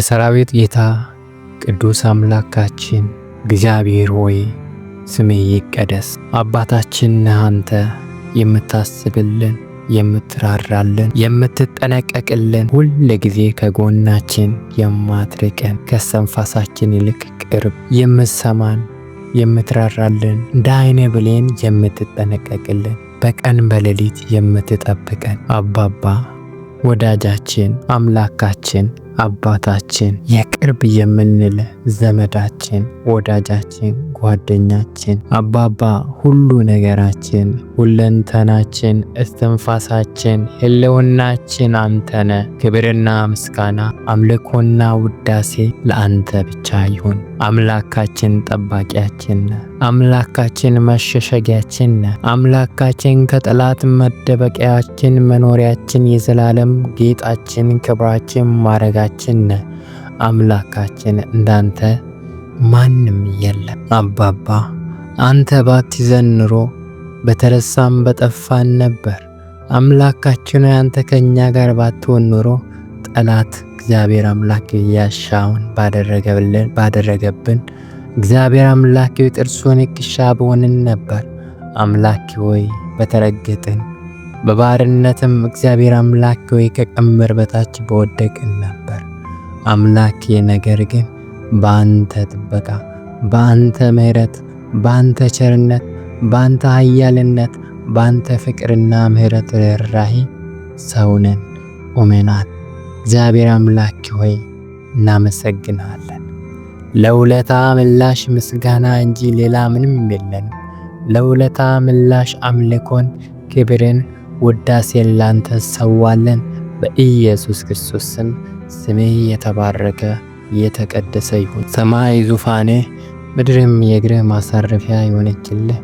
የሰራዊት ጌታ ቅዱስ አምላካችን እግዚአብሔር ሆይ ስሜ ይቀደስ። አባታችን ነህ አንተ የምታስብልን፣ የምትራራልን፣ የምትጠነቀቅልን፣ ሁል ጊዜ ከጎናችን የማትርቀን፣ ከሰንፋሳችን ይልቅ ቅርብ የምትሰማን፣ የምትራራልን፣ እንደ አይነ ብሌን የምትጠነቀቅልን፣ በቀን በሌሊት የምትጠብቀን አባባ ወዳጃችን አምላካችን አባታችን የቅርብ የምንል ዘመዳ አምላካችን፣ ወዳጃችን፣ ጓደኛችን፣ አባባ ሁሉ ነገራችን፣ ሁለንተናችን፣ እስትንፋሳችን፣ ህልውናችን አንተነ። ክብርና ምስጋና፣ አምልኮና ውዳሴ ለአንተ ብቻ ይሁን። አምላካችን ጠባቂያችን ነ አምላካችን መሸሸጊያችን ነ አምላካችን ከጠላት መደበቂያችን መኖሪያችን የዘላለም ጌጣችን ክብራችን ማረጋችን ነ አምላካችን እንዳንተ ማንም የለም። አባባ አንተ ባትይዘን ኑሮ በተረሳም በጠፋን ነበር። አምላካችን አንተ ከእኛ ጋር ባትሆን ኑሮ ጠላት እግዚአብሔር አምላክ ያሻውን ባደረገብን እግዚአብሔር አምላክ ጥርሱን ክሻ በሆንን ነበር። አምላክ ሆይ በተረገጥን በባርነትም እግዚአብሔር አምላክ ሆይ ከቀንበር በታች በወደቅን ነበር። አምላክ ነገር ግን በአንተ ጥበቃ፣ በአንተ ምሕረት፣ በአንተ ቸርነት፣ በአንተ ኃያልነት፣ በአንተ ፍቅርና ምሕረት ርኅራሄ ሰውነን ቁመናል። እግዚአብሔር አምላክ ሆይ እናመሰግንሃለን። ለውለታ ምላሽ ምስጋና እንጂ ሌላ ምንም የለንም። ለውለታ ምላሽ አምልኮን፣ ክብርን፣ ውዳሴን ላንተ ሰዋለን። በኢየሱስ ክርስቶስ ስም ስምህ የተባረከ የተቀደሰ ይሁን። ሰማይ ዙፋኔ፣ ምድርም የእግርህ ማሳረፊያ የሆነችልህ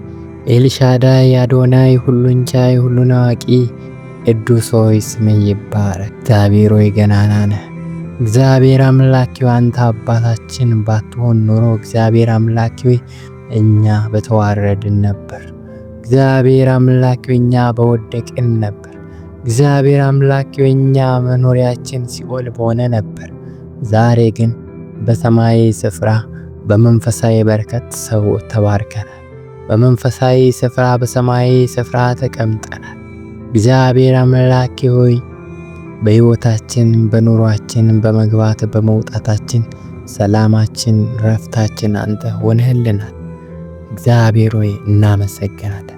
ኤልሻዳይ አዶናይ፣ ሁሉን ቻይ፣ ሁሉን አዋቂ ቅዱስ ሆይ ስምህ ይባረክ። እግዚአብሔር ሆይ ገናና ነህ። እግዚአብሔር አምላኪ አንተ አባታችን ባትሆን ኖሮ እግዚአብሔር አምላኪ እኛ በተዋረድን ነበር። እግዚአብሔር አምላኪ እኛ በወደቅን ነበር። እግዚአብሔር አምላኪ እኛ መኖሪያችን ሲኦል በሆነ ነበር። ዛሬ ግን በሰማያዊ ስፍራ በመንፈሳዊ በረከት ሰው ተባርከናል። በመንፈሳዊ ስፍራ በሰማያዊ ስፍራ ተቀምጠናል። እግዚአብሔር አምላኬ ሆይ በሕይወታችን በኑሯችን በመግባት በመውጣታችን ሰላማችን፣ ረፍታችን አንተ ሆነህልናል። እግዚአብሔር ሆይ እናመሰግናለን።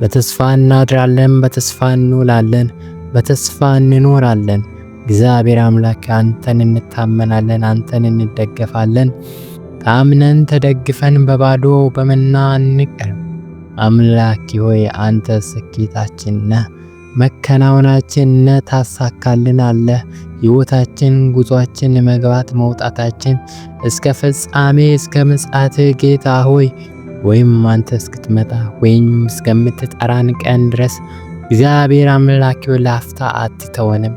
በተስፋ እናድራለን፣ በተስፋ እንውላለን፣ በተስፋ እንኖራለን። እግዚአብሔር አምላክ አንተን እንታመናለን፣ አንተን እንደገፋለን። ታምነን ተደግፈን በባዶ በመና እንቀር አምላኪ ሆይ አንተ ስኬታችን ነህ፣ መከናወናችን ነህ። ታሳካልን አለ ህይወታችን፣ ጉዟችን፣ መግባት መውጣታችን እስከ ፍጻሜ እስከ ምጽአት ጌታ ሆይ ወይም አንተ እስክትመጣ ወይም እስከምትጠራን ቀን ድረስ እግዚአብሔር አምላክ ላፍታ አትተወንም።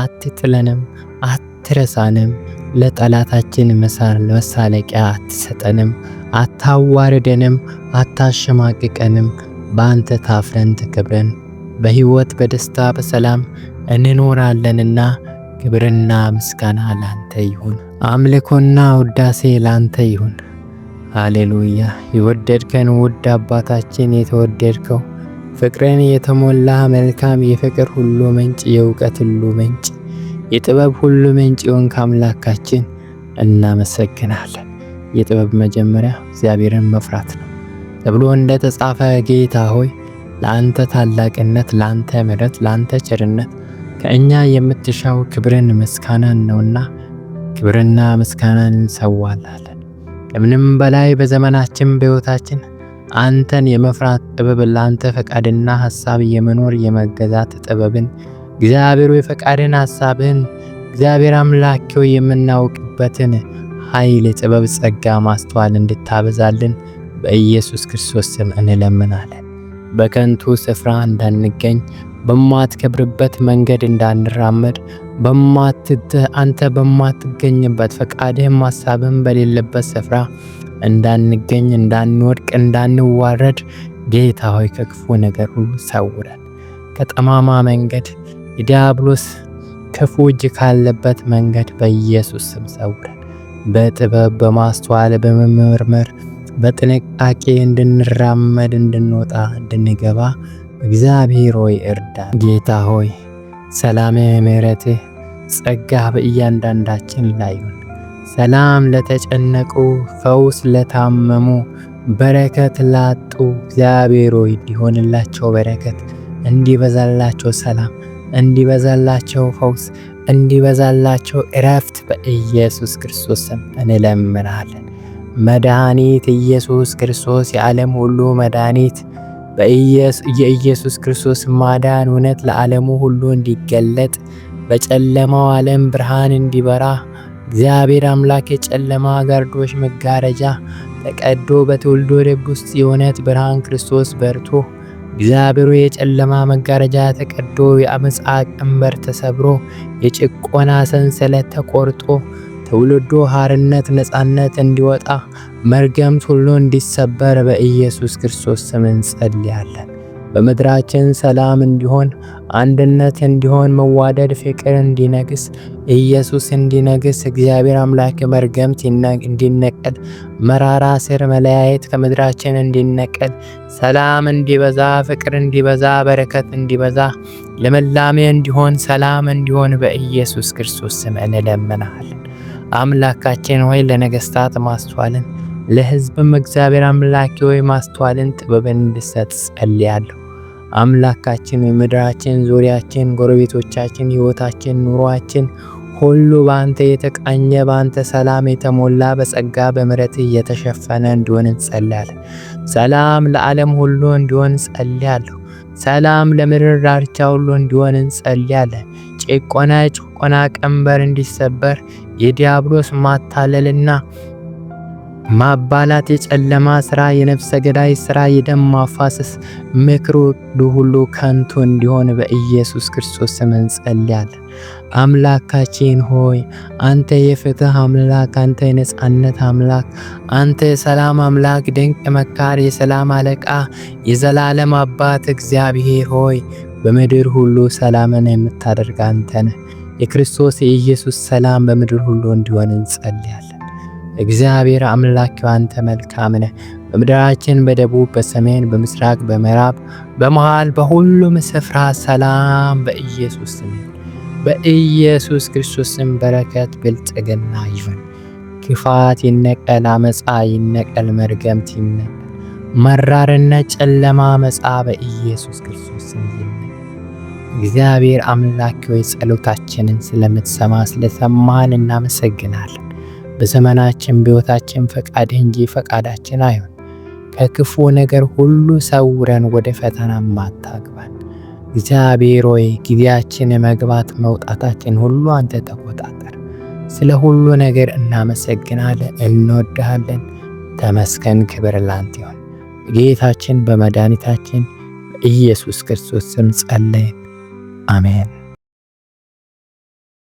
አትጥለንም፣ አትረሳንም፣ ለጠላታችን መሳለቂያ አትሰጠንም፣ አታዋርደንም፣ አታሸማቅቀንም። በአንተ ታፍረን ተከብረን በሕይወት በደስታ በሰላም እንኖራለንና ክብርና ምስጋና ላንተ ይሁን፣ አምልኮና ውዳሴ ላንተ ይሁን። ሃሌሉያ። የወደድከን ውድ አባታችን የተወደድከው ፍቅርን የተሞላ መልካም የፍቅር ሁሉ ምንጭ፣ የእውቀት ሁሉ ምንጭ፣ የጥበብ ሁሉ ምንጭ ይሆን ከአምላካችን እናመሰግናለን። የጥበብ መጀመሪያ እግዚአብሔርን መፍራት ነው ተብሎ እንደተጻፈ ጌታ ሆይ ለአንተ ታላቅነት፣ ለአንተ ምሕረት፣ ለአንተ ቸርነት ከእኛ የምትሻው ክብርን ምስጋናን ነውና ክብርና ምስጋናን እንሰዋላለን። ከምንም በላይ በዘመናችን በሕይወታችን አንተን የመፍራት ጥበብ ለአንተ ፈቃድና ሐሳብ የመኖር የመገዛት ጥበብን እግዚአብሔር ወይ ፈቃድን ሐሳብን እግዚአብሔር አምላኬው የምናውቅበትን ኃይል ጥበብ፣ ጸጋ፣ ማስተዋል እንድታበዛልን በኢየሱስ ክርስቶስ ስም እንለምናለን። በከንቱ ስፍራ እንዳንገኝ በማትከብርበት መንገድ እንዳንራመድ በማትት አንተ በማትገኝበት ፈቃድህም ሀሳብህም በሌለበት ስፍራ እንዳንገኝ እንዳንወድቅ እንዳንዋረድ ጌታ ሆይ ከክፉ ነገር ሁሉ ሰውረን። ከጠማማ መንገድ የዲያብሎስ ክፉ እጅ ካለበት መንገድ በኢየሱስ ስም ሰውረን። በጥበብ በማስተዋል በመመርመር በጥንቃቄ እንድንራመድ እንድንወጣ እንድንገባ እግዚአብሔር ሆይ እርዳን። ጌታ ሆይ ሰላምህ፣ ምሕረትህ፣ ጸጋህ በእያንዳንዳችን ላይ ይሁን። ሰላም ለተጨነቁ፣ ፈውስ ለታመሙ፣ በረከት ላጡ እግዚአብሔር ሆይ እንዲሆንላቸው በረከት እንዲበዛላቸው ሰላም እንዲበዛላቸው ፈውስ እንዲበዛላቸው እረፍት በኢየሱስ ክርስቶስ ስም እንለምናለን። መድኃኒት ኢየሱስ ክርስቶስ የዓለም ሁሉ መድኃኒት የኢየሱስ ክርስቶስ ማዳን እውነት ለዓለሙ ሁሉ እንዲገለጥ በጨለማው ዓለም ብርሃን እንዲበራ እግዚአብሔር አምላክ የጨለማ ጋርዶች መጋረጃ ተቀዶ በትውልዶ ደግ ውስጥ የእውነት ብርሃን ክርስቶስ በርቶ እግዚአብሔሩ የጨለማ መጋረጃ ተቀዶ የአመፃ ቀንበር ተሰብሮ የጭቆና ሰንሰለት ተቆርጦ ትውልዱ ሐርነት ነፃነት እንዲወጣ መርገምት ሁሉ እንዲሰበር በኢየሱስ ክርስቶስ ስም እንጸልያለን። በምድራችን ሰላም እንዲሆን፣ አንድነት እንዲሆን፣ መዋደድ፣ ፍቅር እንዲነግስ፣ ኢየሱስ እንዲነግስ፣ እግዚአብሔር አምላክ መርገምት እንዲነቀል፣ መራራ ስር መለያየት ከምድራችን እንዲነቀል፣ ሰላም እንዲበዛ፣ ፍቅር እንዲበዛ፣ በረከት እንዲበዛ፣ ልምላሜ እንዲሆን፣ ሰላም እንዲሆን በኢየሱስ ክርስቶስ ስም እንለምናል። አምላካችን ሆይ ለነገስታት ማስተዋልን ለህዝብም እግዚአብሔር አምላኬ ሆይ ማስተዋልን ጥበብን እንድሰጥ ጸልያለሁ። አምላካችን ምድራችን፣ ዙሪያችን፣ ጎረቤቶቻችን፣ ህይወታችን፣ ኑሯችን ሁሉ በአንተ የተቃኘ በአንተ ሰላም የተሞላ በጸጋ በምረት እየተሸፈነ እንዲሆን እንጸልያለን። ሰላም ለዓለም ሁሉ እንዲሆን እንጸልያለሁ። ሰላም ለምድር ዳርቻ ሁሉ እንዲሆን እንጸልያለን። ጭቆና ጭቆና ቀንበር እንዲሰበር የዲያብሎስ ማታለልና ማባላት፣ የጨለማ ስራ፣ የነፍሰ ገዳይ ስራ፣ የደም ማፋሰስ ምክሩ ሁሉ ከንቱ እንዲሆን በኢየሱስ ክርስቶስ ስም እንጸልያለን። አምላካችን ሆይ አንተ የፍትህ አምላክ፣ አንተ የነጻነት አምላክ፣ አንተ የሰላም አምላክ፣ ድንቅ መካር፣ የሰላም አለቃ፣ የዘላለም አባት እግዚአብሔር ሆይ በምድር ሁሉ ሰላምን የምታደርግ አንተ ነህ። የክርስቶስ የኢየሱስ ሰላም በምድር ሁሉ እንዲሆን እንጸልያለን። እግዚአብሔር አምላክ አንተ መልካም ነህ። በምድራችን በደቡብ፣ በሰሜን፣ በምስራቅ፣ በምዕራብ፣ በመሃል፣ በሁሉም ስፍራ ሰላም በኢየሱስ ስም በኢየሱስ ክርስቶስም በረከት ብልጽግና ይሁን። ክፋት ይነቀል፣ አመፃ ይነቀል፣ መርገምት ይነቀል፣ መራርነት፣ ጨለማ፣ መጻ በኢየሱስ ክርስቶስም እግዚአብሔር አምላክ ሆይ ጸሎታችንን ስለምትሰማ ስለሰማን እናመሰግናለን። በዘመናችን በሕይወታችን ፈቃድ እንጂ ፈቃዳችን አይሆን። ከክፉ ነገር ሁሉ ሰውረን፣ ወደ ፈተና ማታግባን። እግዚአብሔር ሆይ ጊዜያችን መግባት መውጣታችን ሁሉ አንተ ተቆጣጠር። ስለ ሁሉ ነገር እናመሰግናለን፣ እንወድሃለን። ተመስገን፣ ክብር ላንተ ይሁን። ጌታችን በመድኃኒታችን በኢየሱስ ክርስቶስ ስም ጸለይን። 아멘.